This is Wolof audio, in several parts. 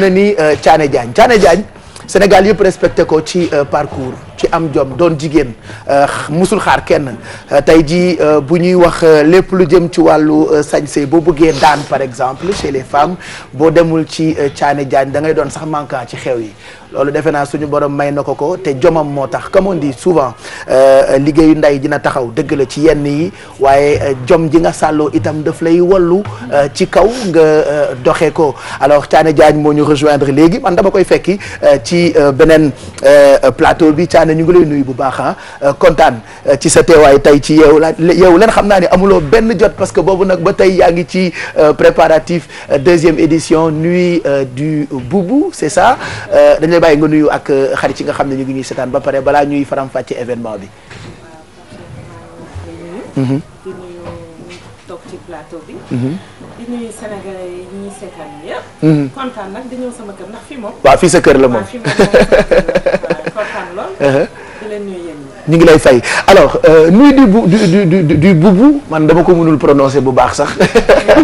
na ni eh, Thiané Diagne Thiané Diagne Sénégal yëpp respecté ko ci eh, parcours ci am jom doon jigéen euh, mosul xaar kenn euh, tey jii euh, bu ñuy wax lépp lu jëm ci wàllu sañse boo bëggee daan par exemple chez les femmes boo demul ci caane jaañ da ngay doon sax manquant ci xew yi loolu defe naa suñu borom may na ko ko te jomam moo tax comme on dit souvent liggéeyu ndey dina taxaw dëgg la ci yenn yi waaye jom ji nga sàlloo itam daf lay wallu ci kaw nga doxee ko alors Thiané Diagne moo ñu rejoindre léegi man dama koy fekki ci beneen plateau bi na ñu ngi lay nuyu bu baax a ah, kontaan eh, ci sa teewaay tey ci yeewu la yeewu leen xam naa ne amuloo benn jot parce que boobu nag ba tey yaa ngi ci eh, préparatif eh, deuxième édition nuit du boubou c'est ça dañ bàyyi nga nuyu ak xarit ci nga xam ne ñu ngi ñuy seetaan ba pare balaa ñuy faram-fàcce événement bi. Mm-hmm. Mm-hmm. di nuyu bi. Mm-hmm. nuyu Sénégalais mhm. fii sa kër la moom uh-huh. ñu ngi lay fay alors euh, nuyu du bu du bubu man dama ko mënul prononcer bu baax sax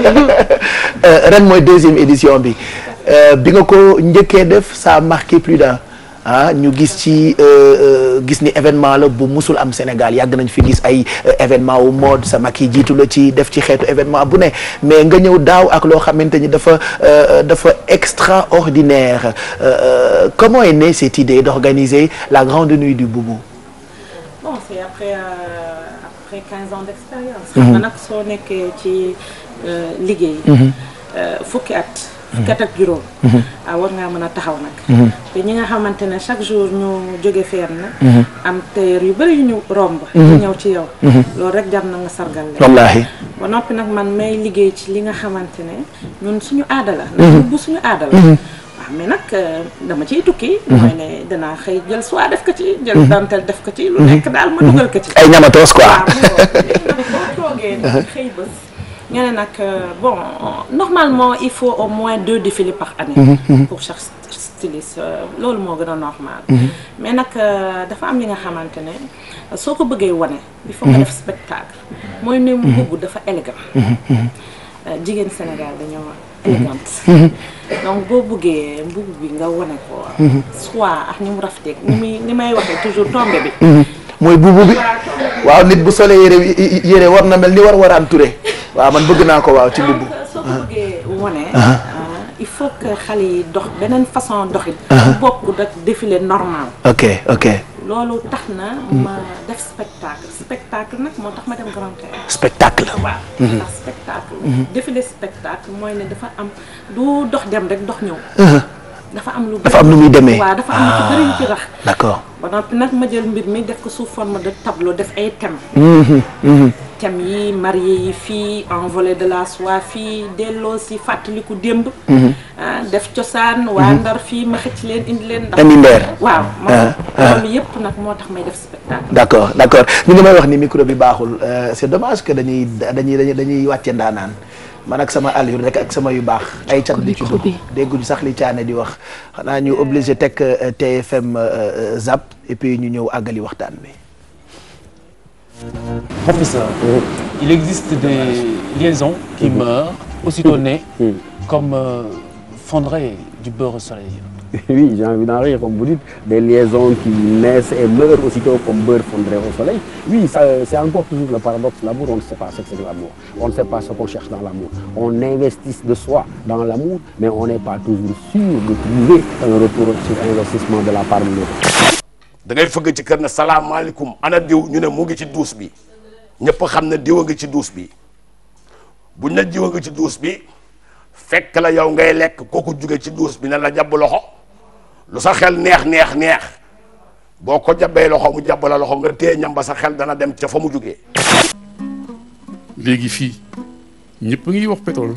euh, ren mooy deuxième édition bi euh, bi nga ko njëkkee def saa a plus d'un ah ñu gis ci euh, euh, gis ni événement la bu musul am Sénégal yàgg nañ fi gis ay euh, événement wu mode sama kii jiitu la ci def ci xeetu événement bu ne mais nga ñëw daaw ak loo xamante ni dafa dafa extraordinaire comment est née cette idée d'organiser la grande nuit du boubou bon c'est après ans d'expérience xam mhm. nga nag soo nekkee ci liggéey mhm. fukki at fukkat ak juróom mhm. ah war ngaa mën a taxaw nag mhm. te ñi nga xamante ne chaque jour ñu jóge feen na mhm. am tailleur yu bëri yu ñu romb di ñëw ci yow loolu rek jar na nga sargal leen wallaahi ba noppi nag man may liggéey ci li nga xamante ne ñun suñu aada la bu suñu aada la mais nag euh, dama ciy tukki. mooy ne danaa xëy jël soie def ko ci. jël dentelle def ko ci. lu nekk daal ma dugal ko ci. ay ñamatoos ko toogee ñu ne nag euh, bon normalement il faut au moins deux défilés par année. Mhm, mhm. pour chaque styliste euh, loolu moo gën a normal. Mhm. mais nag euh, dafa am li nga xamante ne soo ko bëggee wane. il faut nga def spectacle. mooy ne mu dafa élégant. jigéen Sénégal dañoo élégante. donc boo buggee mbubb bi nga wane ko. soit ak ni mu rafetee ni muy ni may waxee toujours tombé bi. mooy buubu bi waaw nit bu solee yére yére war na mel ni war waraan ture waaw man bëgg naa ko waaw ci mbubb soo ko uh-huh. uh-huh. euh, il faut que xale yi dox beneen façon doxit uh-huh. bokkut ak défilé normal ok ok loolu tax na mm. ma def spectacle spectacle nag moo tax ma dem Grand Théâtre spectacle waaw mm-hmm. ndax mm-hmm. spectacle mooy ne dafa am du dox dem rek dox ñëw dafa am lu dafa am lu muy demee waaw dafa am lu ah, ci nag ma jël mbir mi def ko sous forme de def ay thèmes. Mm-hmm, mm-hmm. thèmes yi marié yi fii envolée de la soie fii delloo si fàttaliku démb. Mm-hmm. Ah, def cosaan. waa ndar fii ma xëcc leen indi leen. ndax indi ndeer waaw. Ah, loolu yëpp nag moo tax may def spectacle. d'accord d'accord ñu ngi may wax ni micro bi baaxul euh, c'est dommage que dañuy dañuy dañuy wàcce ndaanaan. man ak sama allure rek ak sama yu baax ay cat di ci dugg sax li caane di wax xanaa ñu obligé teg euh, TFM euh, euh, zap et puis ñu ñëw àggali waxtaan bi professeur il existe des liaisons qui mm-hmm. meurent aussitôt mm-hmm. nées mm-hmm. comme fondrait du beurre soleil oui, j'ai envie d'en rire, comme vous dites, des liaisons qui naissent et meurent aussitôt comme beurre fondré au soleil. Oui, euh, c'est encore toujours le paradoxe. L'amour, on ne sait pas ce cherche dans l'amour. On investit de soi dans l'amour, mais on n'est pas toujours sûr de trouver un retour sur investissement de la part de l'autre. da ngay fëgg ci kër ne salaamaaleykum ana diw ñu ne mu ngi ci duus bi ñëpp xam ne diw a ngi ci duus bi buñ na diw a ngi ci duus bi fekk la yow ngay lekk kooku jóge ci duus bi ne la jàpp loxo. lu sax xel neex neex neex boo ko jabee loxo mu jàbb la loxo nga téye ñam ba sa xel dana dem ca fa mu jugee. léegi fii ñëpp ngi wax pétrole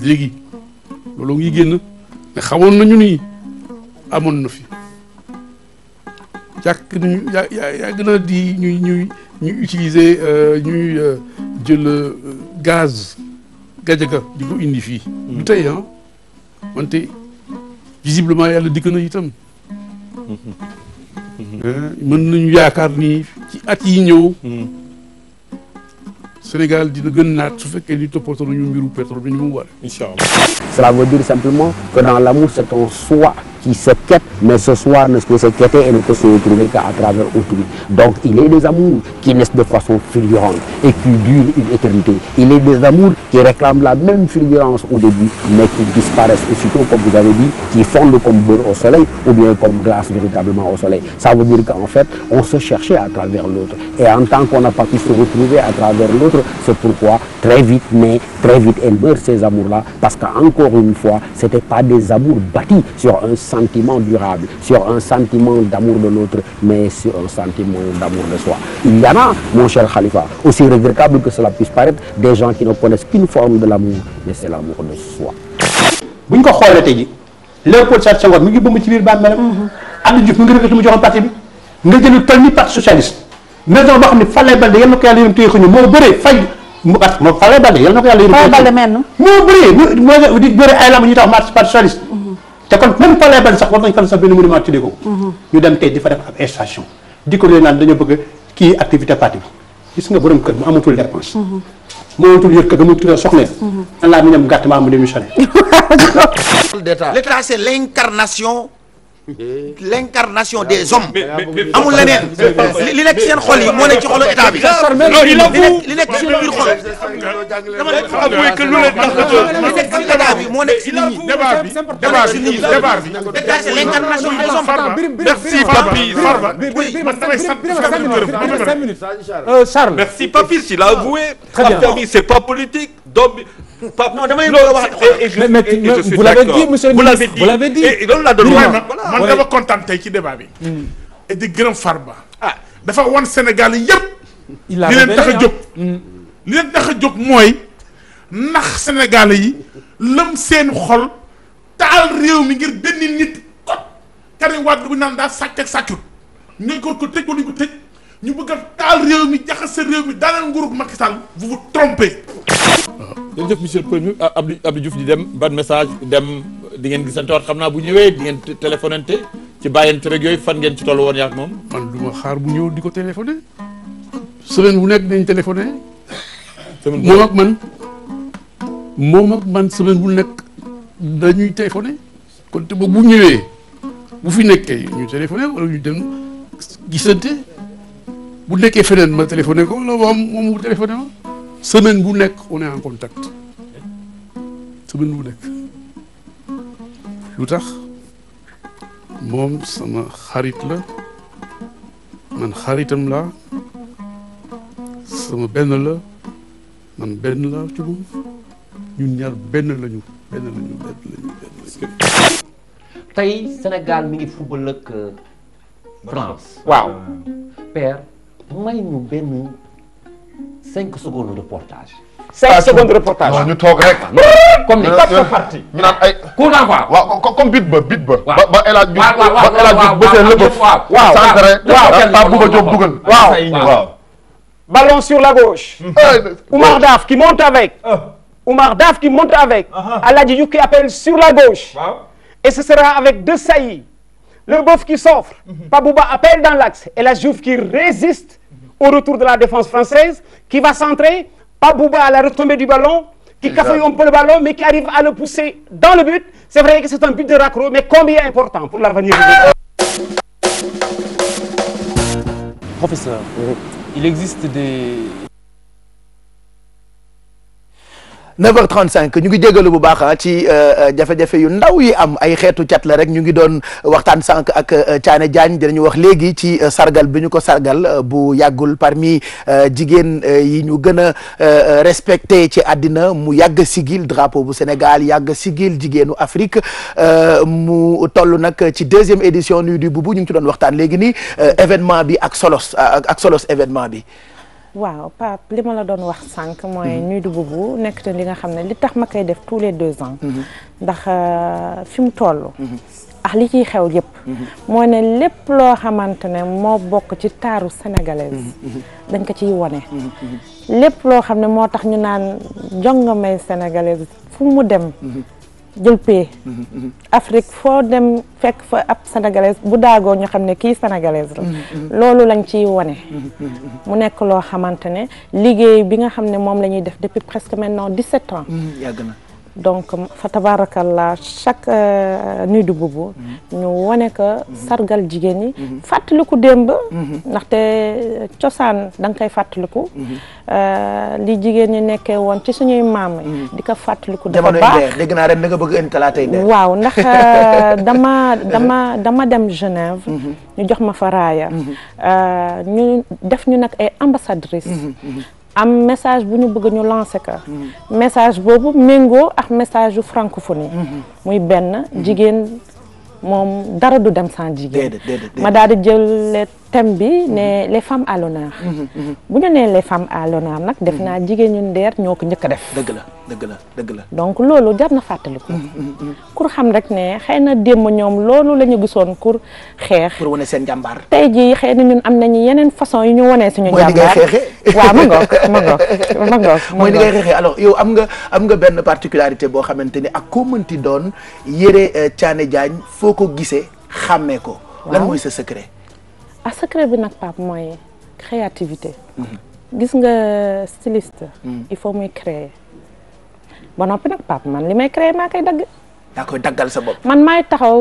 léegi loolu ngi génn mais xamoon nañu ni amoon na fi yàq nañu di ñuy ñuy ñuy utiliser euh, ñuy euh, jël euh, gaz gajaga di ko indi fii. du mm. tey ah wante visiblement yàlla dikk na itam. Eh, mën nañu yaakaar ni ci at yi ñëw. Sénégal dina gën naat su fekkee ni toppatoo nañu mbiru pétrole bi ni mu war. incha allah. cela veut dire simplement que dans l'amour c'est un soi qui se quête. mais ce soir ne peut se quêter et ne peut se retrouver qu'à travers autrui. Donc il des amours qui naissent de façon fulgurante et qui durent une éternité. Il est des amours qui réclament la même fulgurance au début, mais qui disparaissent aussitôt, comme vous avez dit, qui fondent comme beurre au soleil ou bien comme glace véritablement au soleil. Ça veut dire qu'en fait, on se cherchait à travers l'autre. Et en tant qu'on n'a pas pu se retrouver à travers l'autre, c'est pourquoi très vite durable sur un sentiment d'amour de l'autre, mais sur un sentiment d'amour de soi. Il y a, mon cher Khalifa, aussi regrettable que cela puisse paraître, des gens qui ne connaissent qu'une forme de l'amour, mais c'est l'amour de soi. bu ñu ko xoolee tey ji Léopold mi ngi bëmb ci biir bàmmeelam mhm. Abdou Diouf mi ngi socialiste maison boo xam ne Falaye Baldé yal na ko yàlla yërëm téye ko ñu moo bëree fay mu at moom Falaye Baldé yal na socialiste. te kon même palais benn sax war nañ fan sax benn monument tuddee ko mhm. ñu dem tey di fa def ab station di ko leen naan dañoo bëgg kii activité parti bi gis nga borom kër mu amatul mhm. yër kër mu tuddee soxneen mhm. an laa mi ñam gàtt maa mu démissionné l'état c'est l'incarnation Eh. l'incarnation des hommes. amul leneen li nekk seen xol yi moo nekk ci xolu état bi. li nekk seen biir xol. dama ne li nekk ci état bi moo nekk ci nit ñi. débat bi débat bi débat bi. déclenché l'incarnation des hommes. merci papi Farba. man damay sant euh, Charles merci papi il a avoué. très bien affaire bi c'est pas politique doom bi. Pape non dama leen bëgg a wax. mais mais vous l'avez dit monsieur le ministre vous l'avez dit loolu laa doon wax man dama kontaan tey ci débat bi. Mm. di gërëm far ba ah. dafa wan Sénégal yëpp. a li leen tax a jóg. Mm. li leen tax a jóg mooy ndax Sénégal yi lëm seen xol taal réew mi ngir benn nit ko Karim Wade bu naan daa sàcc ak sàccut ñu ko ko tëj ko ñu ko tëj ñu bëgg a taal réew mi jaxase réew mi daaneel nguurug Macky Sall vous vous trompez. jërëjëf monsieur le premier ah, dem ban message dem di ngeen gisante waat xam naa bu ñëwee di ngeen téléphonante ci bàyyi rek yooyu fan ngeen ci toll woon yaak moom. man du xaar bu ñëw di ko téléphoné semaine bu nekk dinañ téléphoné. semaine moom ak man moom ak man semaine bu nekk dañuy téléphoné kon te bu ñëwee bu fi nekkee ñu téléphoné wala ñu dem gisante bu nekkee feneen ma téléphoné ko wala moom moom mu téléphoné ma. semaine bu nekk on est en contact semaine bu nekk lu tax moom sama xarit la man xaritam la sama benn la man benn la ci ñun ñaar benn lañu benn lañu benn lañu benn lañu. tey Sénégal mi ngi football ak euh, France. waaw euh, père may ñu benn. cinq secondes reportage. cinq secondes reportage waaw ñu toog rek. comme ni quatre parties. ñu naan ay coup sur la gauche. Eh, eh. Oumar Daf qui monte avec. Oumar Daf qui monte avec. El qui appelle sur la gauche. et ce sera avec deux saillies. Leboeuf qui s'offre. Mm-hmm. Pape Bouba dans l'axe et la Diouf qui résiste. au retour de la défense française, qui va centrer, Pabouba à la retombée du ballon, qui cafouille un peu le ballon, mais qui arrive à le pousser dans le but. C'est vrai que c'est un but de raccro, mais combien important pour l'avenir du Professeur, oui. il existe des, 9 h cinq ñu ngi jégalu bu baax ah, ci euh, euh, jafe-jafe yu ndaw yi am ay xeetu cat la rek ñu ngi doon waxtaan sànq ak euh, Thiané Diagne dinañu wax léegi ci sargal bi ñu ko sargal bu yàggul parmi jigéen yi ñu gën a respecté ci àddina mu yàgg sigil drapeau bu Sénégal yàgg sigil jigéenu Afrique mu toll nag ci deuxième édition nuyu du bubu ñu ngi ci doon waxtaan léegi nii événement bi ak solos ak solos événement bi. waaw Pape li ma la doon wax sànq. mooy ñuy du bu nekk te li nga xam ne li tax ma koy def tous les deux ans. Mhm. ndax euh, fi mu toll. Mhm. li ciy xew yëpp. moo mhm. ne lépp loo xamante ne moo bokk ci taaru sénégalaise. dañ ko ciy wone. lépp loo xam ne moo tax ñu naan jongamay sénégalaise fu mu dem. jël Afrique foo dem fekk fa ab sénégalaise bu daagoo ñu xam ne kii sénégalaise la loolu lañ ciy wane mu nekk loo xamante ne liggéey bi nga xam ne moom la ñuy def depuis presque maintenant dix-sept ans yàgg na donc fa tabaarakallaa chaque euh, nuit du boubou mhm. ñu wane ko mhm. sargal jigéen ñi mhm. fàttaliku démb ndaxte euh, cosaan da nga koy fàttaliku euh, li jigéen ñi nekkee woon ci suñuy maam yi di ko fàttaliku dafa baax da nga bëgg indi talaatay de waaw ndax dama dama dama dem Genève ñu jox ma fa raaya ñu def ñu nag ay ambassadrice am message bu ñu bëgg ñu lancer ka mhm. message boobu méngoo ak message yu francophonie mhm. muy benn mhm. jigéen moom dara du dem san jigéen ma daal di thème bi mhm. ne les femmes à l'honneur mhm, mhm. bu ñu nee les femmes à l'honneur nag def naa jigéen ñu ndeer ñoo ko njëkk a def dëgg la dëgg la dëgg la donc loolu jar na fàttaliku pour xam rek ne xëy na démb ñoom loolu la ñu gisoon pour xeex pour wane seen jàmbaar tey ji xëy na ñun am nañu yeneen façon yu ñu wanee suñu jàmbaar waaw ma ngoog ma ngoog ma ngoog mooy ni ngay xeexee alors yow am nga am nga benn particularité boo xamante ni ak koo mënti doon yére euh, Thiané Diagne foo ko gisee xàmmee ko lan mooy sa secret ah secret bi nag Pape mooy créativité. Mhm. gis nga styliste. Mhm. il faut muy créer ba noppi nag Pape man li may créer maa koy dagg. daggal sa bopp. man maay taxaw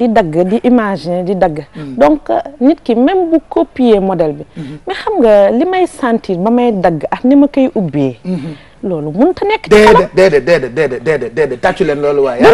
di dagg di imaginer di dagg. Mhm. donc euh, nit ki même bu copier modèle bi. mais xam nga li may sentir ba may dagg ak ni ma koy ubbee. loolu mënut a nekk. déedéet déedéet leen loolu waaye.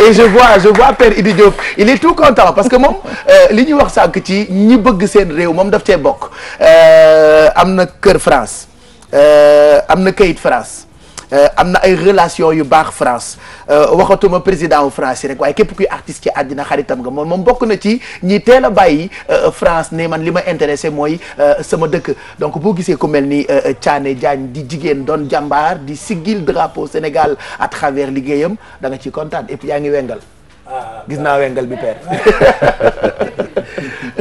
et je vois je vois Père Idi Diop il est tout content parce que moom euh, li ñuy wax sànq ci ñi bëgg seen réew moom daf cee bokk euh, am na kër France euh, am na kayit France. Euh, am na ay relation yu baax France euh, waxatuma président wu France rek waaye képp kuy artiste ci àddina xaritam nga moom moom bokk na ci ñi teel a bàyyi euh, France ne man li ma intéressé mooy sama dëkk donc boo gisee ku mel ni Thiané Diagne di jigéen doon jàmbaar di siggil drapeau Sénégal à travers liggéeyam da nga ciy kontaan et yaa ngi wengal ah, ah, gis naa ah. wengal bi père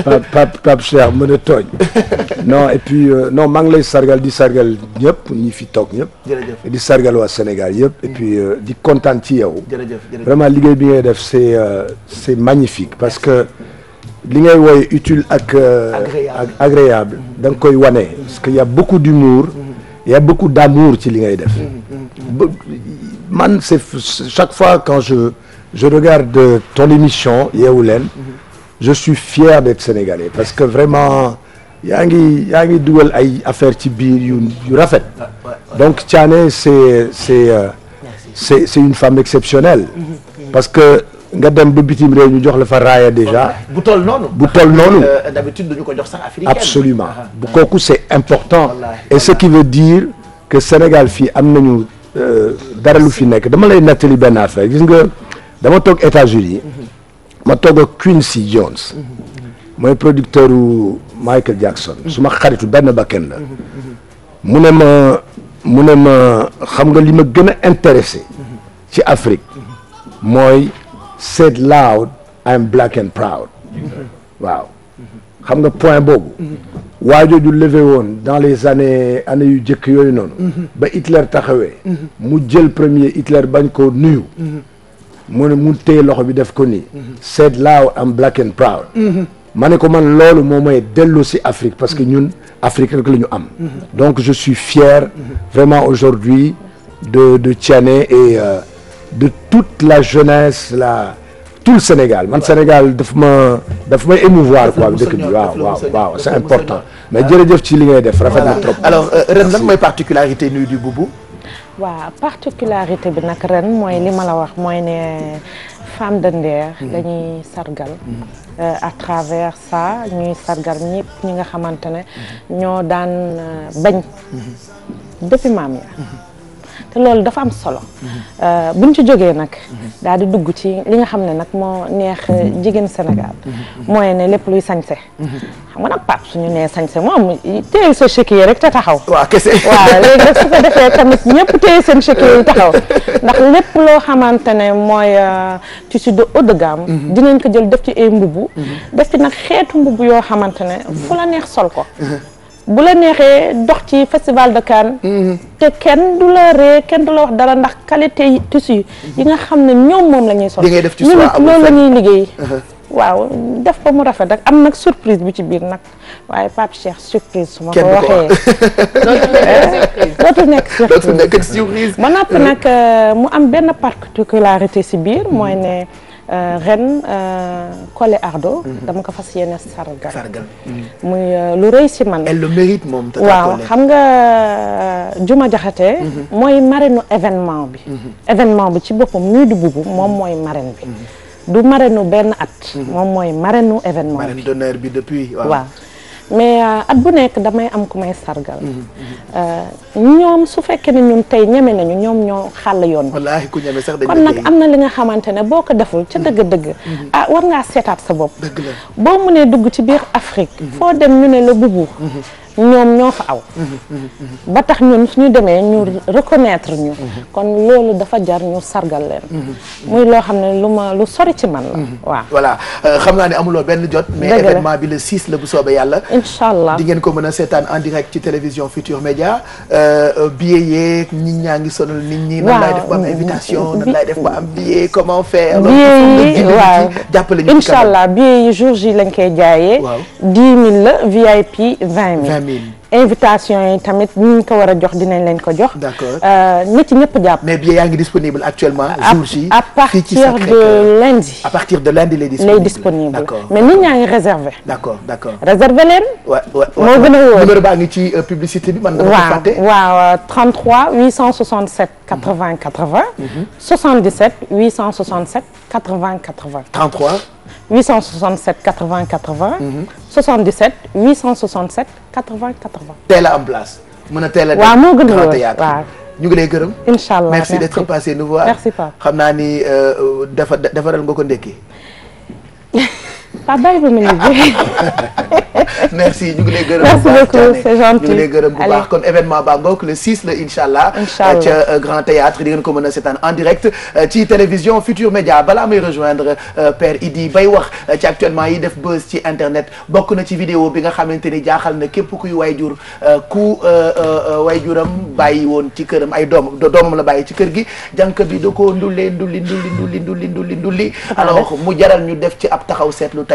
Pape Pape Pape Cheikh mën a tooñ. Euh, non maa ngi lay sargal di sargal ñëpp ñi fi toog ñëpp. jërëjëf di sargal waa Sénégal yëpp. et puis euh, di kontaan ci yow. jërëjëf vraiment liggéey bi ngay def c' est euh, c' magnifique parce que li ngay woy utile ak. Euh, agréable agréable da nga koy wane. parce que y' a beaucoup d'humour y' a beaucoup d' amour ci li ngay def. man c' chaque fois quand je je regarde ton émission Yeewu je suis fier d'être sénégalais parce que vraiment yaa ngi yaa ngi dugal ay affaire ci biir yu yu rafet donc Thiané c'est c'est euh, c'est c'est une femme exceptionnelle parce que nga dem ba bitim réew ñu jox la fa raaya déjà bu toll noonu bu toll noonu euh, d'habitude dañu ko jox sax africaine absolument ah, bu ah. kooku c'est important et ce qui veut dire que Sénégal fii am nañu euh, dara lu fi nekk dama lay nettali benn affaire gis nga dama toog États-Unis ma toog ak Quincy Jones. mooy producteur u Michael Jackson. Mm-hmm. su ma xaritu benn bakken la. mu ne ma mu ne ma xam nga li ma gën a intéressé. Mm-hmm. ci Afrique. mooy said loud I am black and proud. Mm-hmm. waaw xam nga point boobu. waa jooju levé woon dans les années années yu jëkk yooyu noonu. ba Hitler taxawee. mu jël premier Hitler bañ koo nuyu. mu ne mu téye loxo bi def ko nii. said loud and black and proud. ma ne ko man loolu moo mooy dellu si Afrique parce que ñun Afrique rek la ñu am. donc je suis fier vraiment aujourd'hui de de Tiané et euh, de toute la jeunesse la tout le Sénégal man Sénégal daf ma daf ma émouvoir quoi dëkk bi waaw waaw waaw c'est important mais jërëjëf ci li ngay def rafet na trop. alors euh, ren lan particularité nuyu di Boubou. waaw particularité bi nag ren mooy li ma la wax mooy ne femme de Nder mm-hmm. lañuy sargal euh, à travers ça ñuy sargal ñëpp ñi nga xamante ne mm-hmm. ñoo daan euh, bañ mm-hmm. depuis maam ya te loolu dafa am solo euh, buñ ci jógee nag daal di dugg ci li nga xam ne nag moo neex euh, jigéen Sénégal mooy ne lépp luy sañse xam nga nag Pape suñu nee sañse moom téye sa chéquier rek te taxaw waaw kese waaw léegi su ko defee tamit ñëpp téye seen chéquier yi taxaw ndax lépp loo xamante ne mooy euh, tissu de haut de gamme dinañ ko jël def ci ay mbubu mhm. def ci nag xeetu mbubu yoo xamante ne fu la neex sol ko mhm. bu la neexee dox ci festival de Cannes. Mm-hmm. te kenn du la ree kenn du la wax dara ndax qualité tissu yi nga xam ne ñoom moom la ñuy sol. li ngay def ci soie amul loolu la ñuy liggéey. Uh-huh. waaw def ko mu rafet ak am nag surprise bi ci biir nag waaye Pape Cheikh surprise. su ma ko waxee eh? dootul nekk surprise dootul nekk surprise. ba noppi nag euh, mu am benn particularité si biir mooy ne. Euh, ren euh, Collé Ardo. Mhm. dama ko fas yéene sargal. sargal mhm. muy euh, lu rëy si man. elle waaw xam nga Juma Jaxate mhm. mooy marraine événement bi. événement bi ci boppam muy du bubu moom mooy marraine bi. du nu benn at. moom mooy marraine événement bi. bi depuis waaw. mais euh, at bu nekk damay am ku may sargal. Mhm, euh, ñoom su fekkee ne ñun tey ñeme nañu ñoom ñoo xàll yoon. wallaahi ku ñeme sax dañu kon nag am na li nga xamante ne boo ko deful ca mhm. dëgg-dëgg. Mhm. ah war ngaa seetaat sa bopp. dëgg la boo mënee dugg ci biir Afrique. foo dem ñu ne la bubu. ñoom ñoo fa aw ba tax ñun suñu demee ñu reconnaître ñu kon loolu dafa jar ñu sargal leen muy loo xam ne lu ma lu sori ci man la mhm. waaw voilà euh, xam naa ne amuloo benn jot mais événement bi le 6 la bu soobee yàlla incha allah di ngeen ko mën a seetaan en direct ci télévision Futur Média euh, euh, billet yeeg nit ñaa ngi sonal nit ñi nan laay def ba am invitation nan laay def ba am billet comment faire billet yi waaw jàppale ñu incha allah billet yi jour ji lañ koy jaayee dix mille la VIP vingt mille amiin invitation yi tamit ñu ko war a jox dinañ leen ko jox. d'accord euh, na ci ñëpp jàpp. mais bien yaa ngi disponible actuellement. jour ci à partir de lundi. à partir de lundi lay disponible lay disponible. mais nit ñaa ngi réservé. d'accord d'accord réservé leen. wa wa moo gën a wóor numéro baa ngi ci euh, publicité bi. man dama ko fàtte waaw waaw 33 867. 80 80. 77 867 80 80. 33. 867 80 80. 77 867 80 80. teel a am place. mën a teel a waaw moo gën a waaw ñu ngi lay gërëm. incha allah merci d'être passé nous merci Pape xam naa ni euh, dafa defaral nga ko Pape bàyyi ba mu merci ñu ngi lay gërëm. merci beaucoup gërëm bu baax kon événement ba ngoog le 6 la incha allah. ca euh, Grand Théâtre di ngeen ko mën a seetaan en direct euh, ci télévision Futur Média balaa may rejoindre euh, Père Idi bay wax ci actuellement yi def buzz ci internet bokk na ci vidéo bi nga xamante ni jaaxal na képp kuy wayjur ku wayjuram bàyyi woon ci këram ay doom doomam la bay ci kër gi jànk bi da koo ndullee ndulli ndulli ndulli ndulli ndulli alors mu jaral ñu def ci ab taxaw seetlu tey